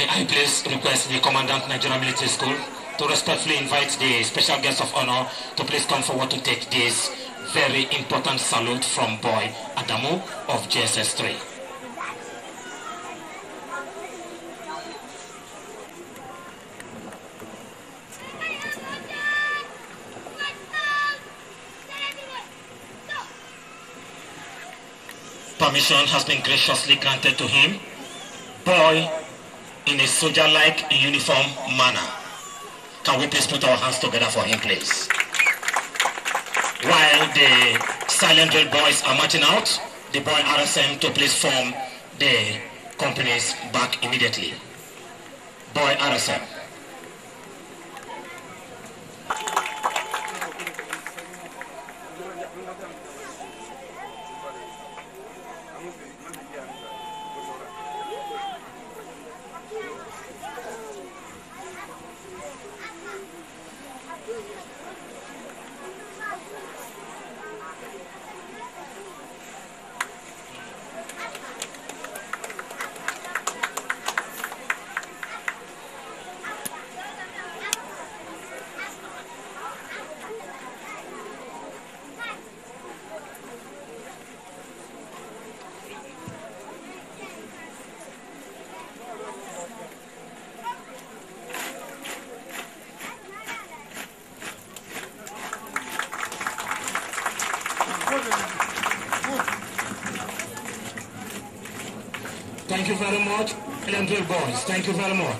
May I please request the Commandant Nigeria Military School to respectfully invite the special guest of honor to please come forward to take this very important salute from Boy Adamu of JSS 3. Permission has been graciously granted to him. Boy in a soldier-like uniform manner. Can we please put our hands together for him, please? While the Silent Red Boys are marching out, the boy RSM to please form the companies back immediately. Boy RSM. Thank you very much. Plenty boys. Thank you very much.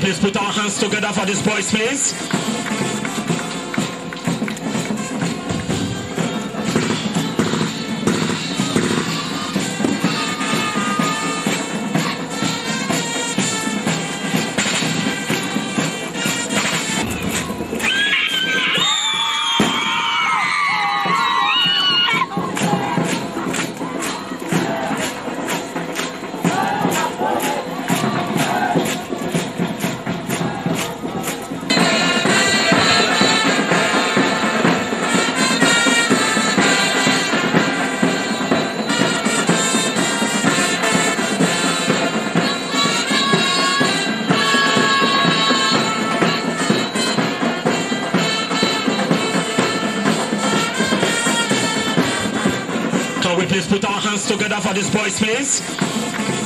please put our hands together for this boys, please. we please put our hands together for this boys, please?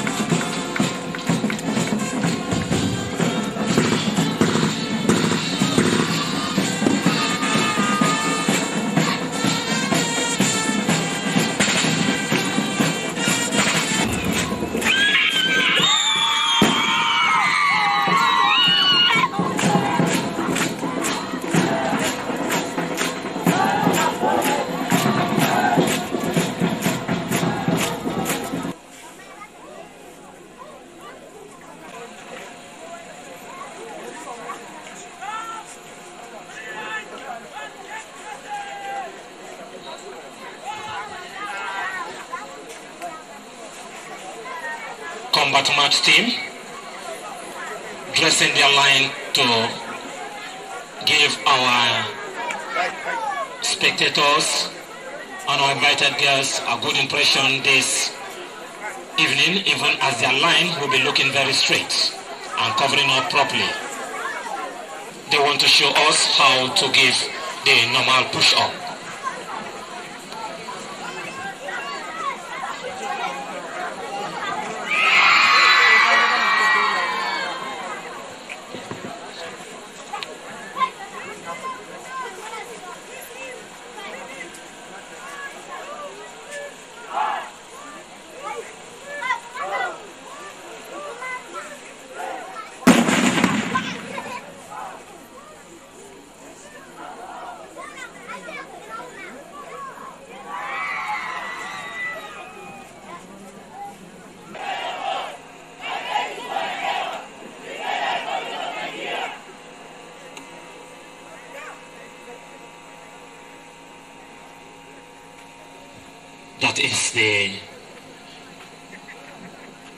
combat match team dressing their line to give our spectators and our invited guests a good impression this evening, even as their line will be looking very straight and covering up properly. They want to show us how to give the normal push-up. that is the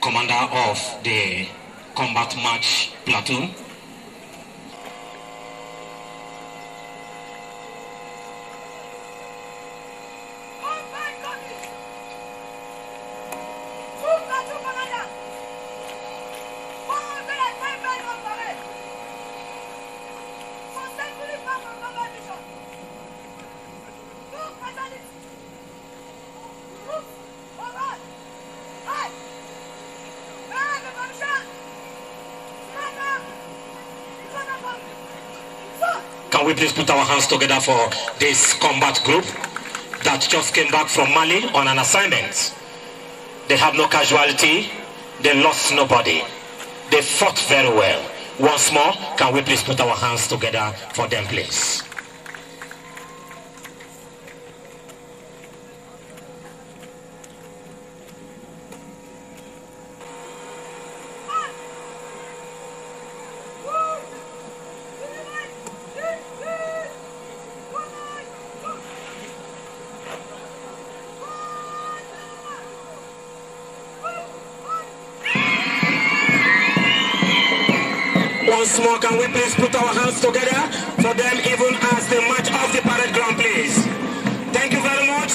commander of the combat match platoon. Can we please put our hands together for this combat group that just came back from Mali on an assignment? They have no casualty. They lost nobody. They fought very well. Once more, can we please put our hands together for them, please? once more, can we please put our hands together for them even as they march off the parade ground, please? Thank you very much.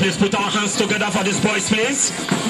please put our together for this boys, please.